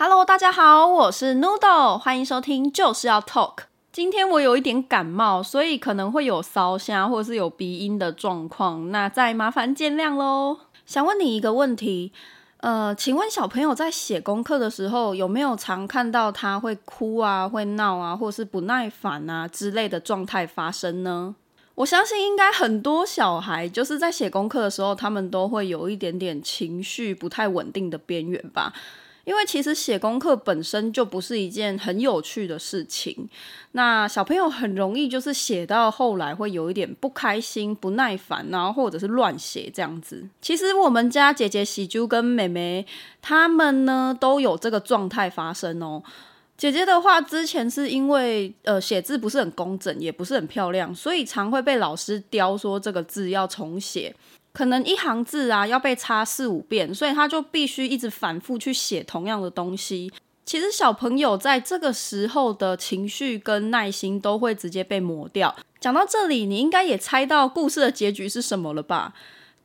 Hello，大家好，我是 Noodle，歡迎收聽就是要 Talk。今天我有一點感冒，所以可能會有沙聲，或者是有鼻音的狀況，那再麻煩見諒嘍。想問你一個問題，呃，請問小朋友在寫功課的時候，有沒有常看到他會哭啊、會鬧啊，或者是不耐煩啊之類的狀態發生呢？我相信應該很多小孩就是在寫功課的時候，他們都會有一點點情緒不太穩定的邊緣吧。因為其實寫功課本身就不是一件很有趣的事情，那小朋友很容易就是寫到後來會有一點不開心、不耐煩，然後或者是亂寫這樣子。其實我們家姐姐喜珠跟妹妹他們呢都有這個狀態發生哦。姐姐的話，之前是因為呃寫字不是很工整，也不是很漂亮，所以常會被老師刁說這個字要重寫。可能一行字啊，要被擦四五遍，所以他就必須一直反覆去寫同樣的東西。其實小朋友在這個時候的情緒跟耐心都會直接被磨掉。講到這裡，你應該也猜到故事的結局是什麼了吧？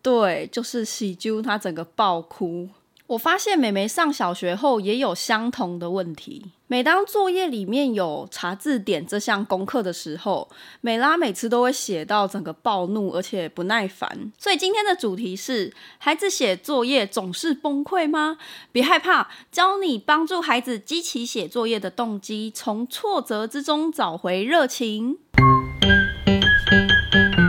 對，就是喜珠他整個爆哭。我發現妹妹上小學後也有相同的問題。每當作業裡面有查字典這項功課的時候，美拉每次都會寫到整個暴怒而且不耐煩。所以今天的主題是：孩子寫作業總是崩潰嗎？別害怕，教你幫助孩子激起寫作業的動機，從挫折之中找回熱情。嗯嗯嗯嗯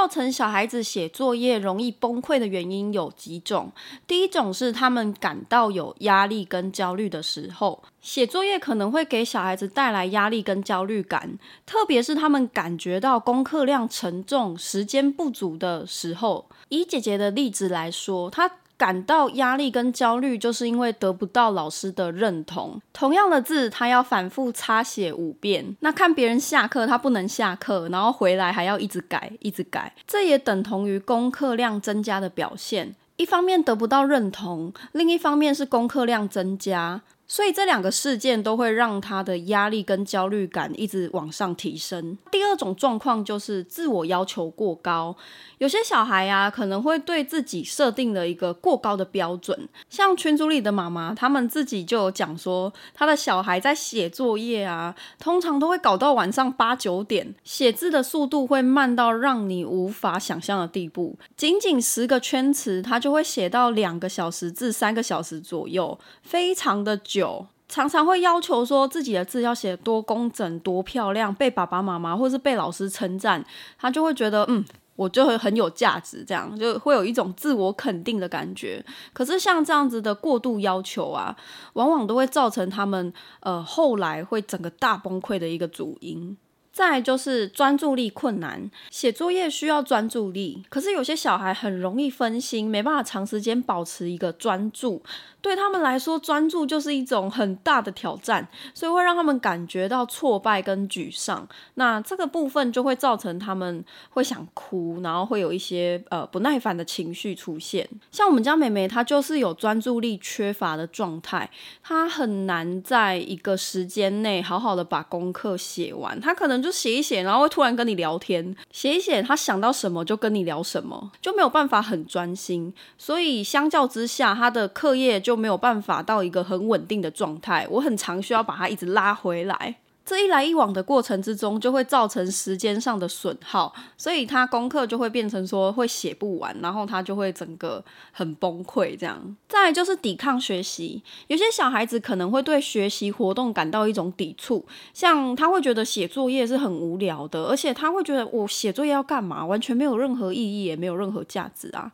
造成小孩子寫作業容易崩潰的原因有幾種？第一種是他們感到有壓力跟焦慮的時候，寫作業可能會給小孩子帶來壓力跟焦慮感，特別是他們感覺到功課量沉重、時間不足的時候。以姐姐的例子來說，她。感到壓力跟焦慮，就是因為得不到老師的認同。同樣的字，他要反復擦寫五遍。那看別人下課，他不能下課，然後回來還要一直改，一直改。這也等同於功課量增加的表現。一方面得不到認同，另一方面是功課量增加。所以這兩個事件都會讓他的壓力跟焦慮感一直往上提升。第二種狀況就是自我要求過高。有些小孩呀，啊，可能會對自己設定了一個過高的標準。像群組裡的媽媽，他們自己就有講說，他的小孩在寫作業啊，通常都會搞到晚上八九點，寫字的速度會慢到讓你無法想象的地步。僅僅十個圈詞，他就會寫到兩個小時至三個小時左右，非常的久。常常會要求說自己的字要寫多工整、多漂亮，被爸爸媽媽或是被老師稱讚，他就會覺得嗯，我就會很有價值，這樣就會有一種自我肯定的感覺。可是像這樣子的過度要求啊，往往都會造成他們，呃，後來會整個大崩潰的一個主因。再來就是專注力困難，寫作業需要專注力，可是有些小孩很容易分心，沒辦法長時間保持一個專注，對他們來說，專注就是一種很大的挑戰，所以會讓他們感覺到挫敗跟沮喪。那這個部分就會造成他們會想哭，然後會有一些呃不耐煩的情緒出現。像我們家妹妹，她就是有專注力缺乏的狀態，她很難在一個時間內好好的把功課寫完，她可能。就寫一寫，然後會突然跟你聊天，寫一寫，他想到什麼就跟你聊什麼，就沒有辦法很專心，所以相較之下，他的課業就沒有辦法到一個很穩定的狀態，我很常需要把他一直拉回來。這一來一往的過程之中，就會造成時間上的損耗，所以他功課就會變成說會寫不完，然後他就會整個很崩潰。這樣，再來就是抵抗學習，有些小孩子可能會對學習活動感到一種抵觸，像他會覺得寫作業是很無聊的，而且他會覺得我寫作業要幹嘛，完全沒有任何意義，也沒有任何價值啊。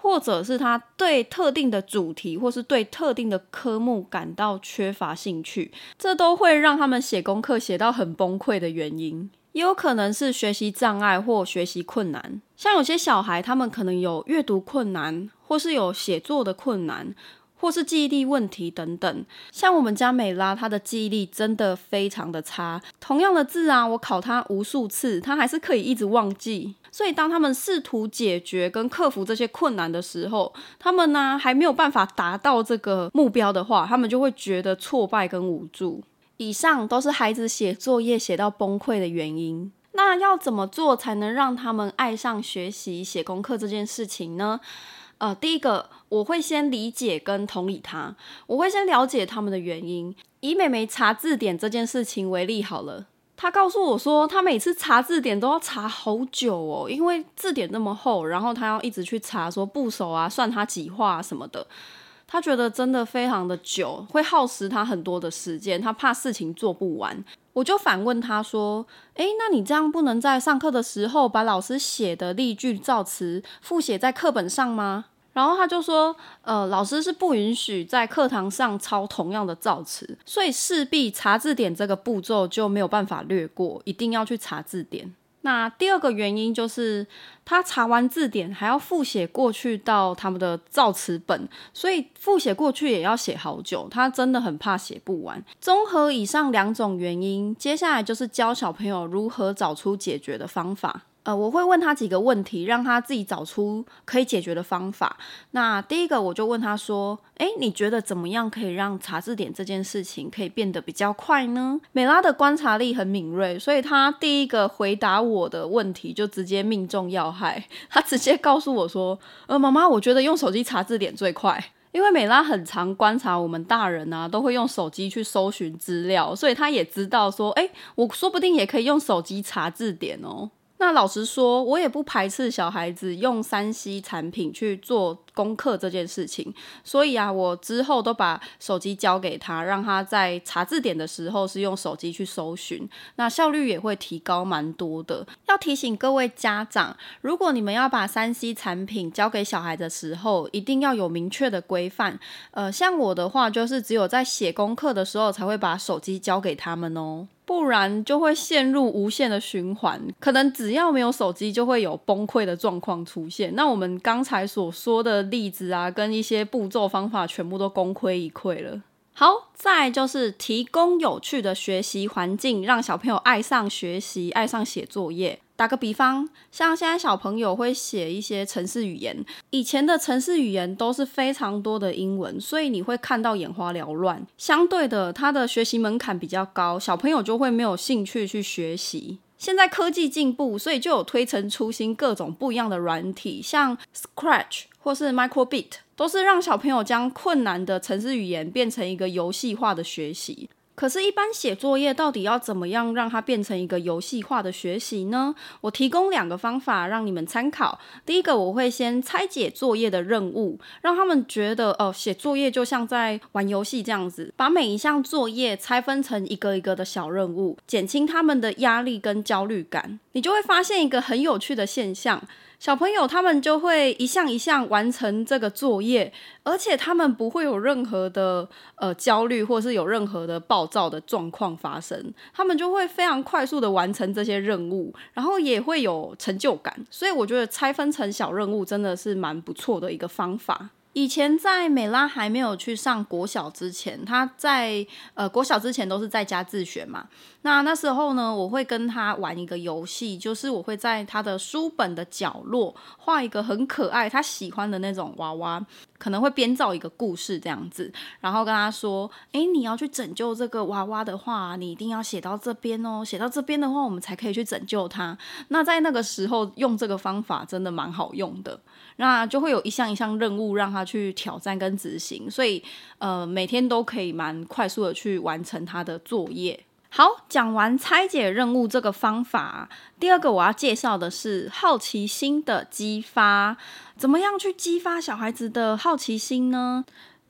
或者是他對特定的主題，或是對特定的科目感到缺乏興趣，這都會讓他們寫功課寫到很崩潰的原因。也有可能是學習障礙或學習困難，像有些小孩，他們可能有閱讀困難，或是有寫作的困難。或是記憶力問題等等，像我們家美拉，她的記憶力真的非常的差。同樣的字啊，我考她無數次，她還是可以一直忘記。所以當他們試圖解決跟克服這些困難的時候，他們呢還沒有辦法達到這個目標的話，他們就會覺得挫敗跟無助。以上都是孩子寫作業寫到崩潰的原因。那要怎麼做才能讓他們愛上學習寫功課這件事情呢？呃，第一個我會先理解跟同理他，我會先了解他們的原因。以妹妹查字典這件事情為例，好了，她告訴我說，她每次查字典都要查好久哦，因為字典那麼厚，然後她要一直去查，說部首啊，算她幾畫啊，什麼的。他覺得真的非常的久，會耗時他很多的時間，他怕事情做不完。我就反問他說：“哎，那你這樣不能在上課的時候把老師寫的例句造詞複寫在課本上嗎？”然後他就說：“呃，老師是不允許在課堂上抄同樣的造詞，所以勢必查字典這個步驟就沒有辦法略過，一定要去查字典。”那第二個原因就是，他查完字典還要複寫過去到他們的造詞本，所以複寫過去也要寫好久，他真的很怕寫不完。綜合以上兩種原因，接下來就是教小朋友如何找出解決的方法。呃，我會問他幾個問題，讓他自己找出可以解決的方法。那第一個，我就問他說：“哎、欸，你覺得怎麼樣可以讓查字典這件事情可以變得比較快呢？”美拉的觀察力很敏銳，所以他第一個回答我的問題就直接命中要害。他直接告訴我說：“呃，媽媽，我覺得用手機查字典最快，因為美拉很常觀察我們大人啊，都會用手機去搜尋資料，所以他也知道說，哎、欸，我說不定也可以用手機查字典哦。”那老實說，我也不排斥小孩子用 3C 產品去做，功課這件事情，所以啊，我之後都把手機交給他，讓他在查字典的時候是用手機去搜尋，那效率也會提高蠻多的。要提醒各位家長，如果你們要把三 C 產品交給小孩的時候，一定要有明確的規範。呃，像我的話，就是只有在寫功課的時候才會把手機交給他們哦，不然就會陷入無限的循環，可能只要沒有手機，就會有崩潰的狀況出現。那我們剛才所說的，例子啊，跟一些步驟方法全部都功虧一簣了。好，再就是提供有趣的學習環境，讓小朋友愛上學習，愛上寫作業。打個比方，像現在小朋友會寫一些程式語言，以前的程式語言都是非常多的英文，所以你會看到眼花繚亂。相對的，他的學習門檻比較高，小朋友就會沒有興趣去學習。現在科技進步，所以就有推陳出新，各種不一樣的軟體，像 Scratch 或是 Microbit，都是讓小朋友將困難的程式語言變成一個遊戲化的學習。可是，一般寫作業到底要怎麼樣讓它變成一個遊戲化的學習呢？我提供兩個方法讓你們參考。第一個，我會先拆解作業的任務，讓他們覺得，哦，寫作業就像在玩遊戲這樣子，把每一項作業拆分成一個一個的小任務，減輕他們的壓力跟焦慮感。你就會發現一個很有趣的現象。小朋友他們就會一項一項完成這個作業，而且他們不會有任何的呃焦慮，或是有任何的暴躁的狀況發生。他們就會非常快速地完成這些任務，然後也會有成就感。所以我覺得拆分成小任務真的是蠻不錯的一個方法。以前在美拉還沒有去上國小之前，他在呃國小之前都是在家自學嘛。那那時候呢，我會跟他玩一個遊戲，就是我會在他的書本的角落畫一個很可愛他喜歡的那種娃娃，可能會編造一個故事這樣子，然後跟他說：“哎，你要去拯救這個娃娃的話，你一定要寫到這邊哦，寫到這邊的話，我們才可以去拯救他。”那在那個時候用這個方法真的蠻好用的，那就會有一項一項任務讓他去挑戰跟執行，所以呃，每天都可以蠻快速的去完成他的作業。好，講完拆解任務這個方法，第二個我要介紹的是好奇心的激發。怎麼樣去激發小孩子的好奇心呢？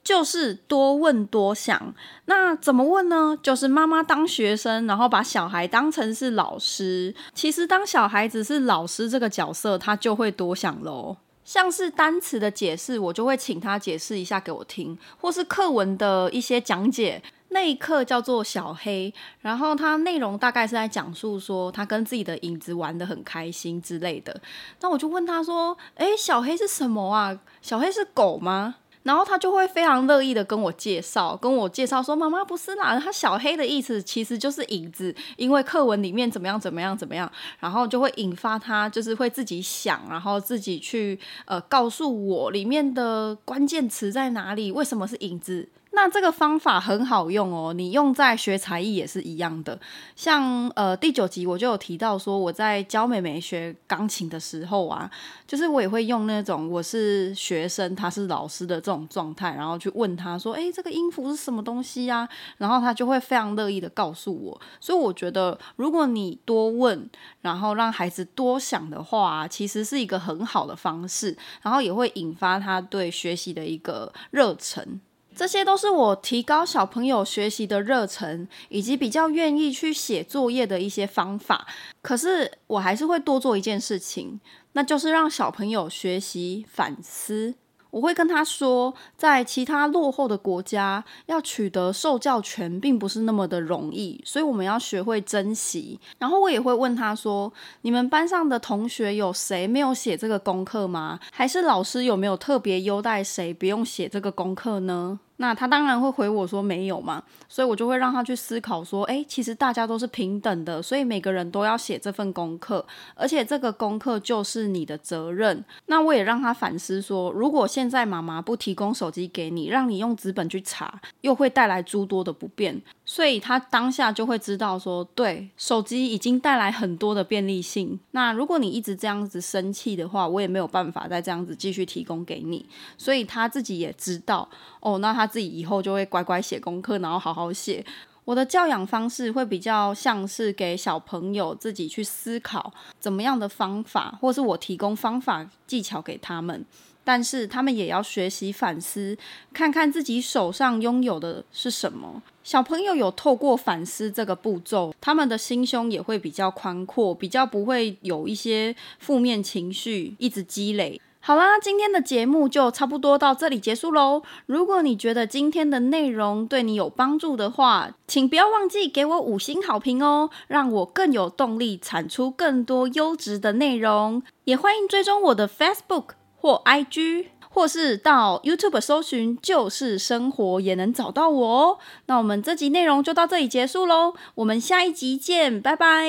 就是多問多想。那怎麼問呢？就是媽媽當學生，然後把小孩當成是老師。其實當小孩子是老師這個角色，他就會多想嘍。像是單詞的解釋，我就會請他解釋一下給我聽，或是課文的一些講解。那一課叫做小黑，然後他內容大概是在講述說他跟自己的影子玩得很開心之類的。那我就問他說：“誒，小黑是什麼啊？小黑是狗嗎？”然後他就會非常樂意的跟我介紹，跟我介紹說：“媽媽不是啦，他小黑的意思其實就是影子，因為課文裡面怎麼樣怎麼樣怎麼樣，然後就會引發他就是會自己想，然後自己去呃告訴我裡面的關鍵詞在哪裡，為什麼是影子。”那這個方法很好用哦，你用在學才藝也是一樣的。像呃第九集我就有提到說，我在教妹妹學鋼琴的時候啊，就是我也會用那種我是學生，她是老師的這種狀態，然後去問她說：“誒，這個音符是什麼東西啊？”然後她就會非常樂意的告訴我。所以我覺得，如果你多問，然後讓孩子多想的話，其實是一個很好的方式，然後也會引發他對學習的一個熱忱。這些都是我提高小朋友學習的熱忱，以及比較願意去寫作業的一些方法。可是我還是會多做一件事情，那就是讓小朋友學習反思。我會跟他說，在其他落後的國家，要取得受教權並不是那麼的容易，所以我們要學會珍惜。然後我也會問他說：“你們班上的同學有誰沒有寫這個功課嗎？還是老師有沒有特別優待誰不用寫這個功課呢？”那他當然會回我說沒有嘛，所以我就會讓他去思考說，誒、欸，其實大家都是平等的，所以每個人都要寫這份功課，而且這個功課就是你的責任。那我也讓他反思說，如果現在媽媽不提供手機給你，讓你用紙本去查，又會帶來諸多的不便。所以他當下就會知道說，對，手機已經帶來很多的便利性。那如果你一直這樣子生氣的話，我也沒有辦法再這樣子繼續提供給你。所以他自己也知道，哦，那他自己以後就會乖乖寫功課，然後好好寫。我的教養方式會比較像是給小朋友自己去思考怎麼樣的方法，或是我提供方法技巧給他們，但是他們也要學習反思，看看自己手上擁有的是什麼。小朋友有透過反思這個步驟，他們的心胸也會比較寬闊，比較不會有一些負面情緒一直積累。好啦，今天的節目就差不多到這裡結束嘍。如果你覺得今天的內容對你有幫助的話，請不要忘記給我五星好評哦，讓我更有動力產出更多優質的內容。也歡迎追蹤我的 Facebook 或 IG。或是到 YouTube 搜尋“就是生活”也能找到我哦。那我們這集內容就到這裡結束嘍，我們下一集見，拜拜！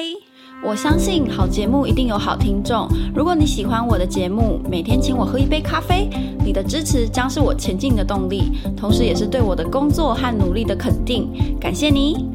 我相信好節目一定有好聽眾。如果你喜歡我的節目，每天請我喝一杯咖啡，你的支持將是我前進的動力，同時也是對我的工作和努力的肯定。感謝你！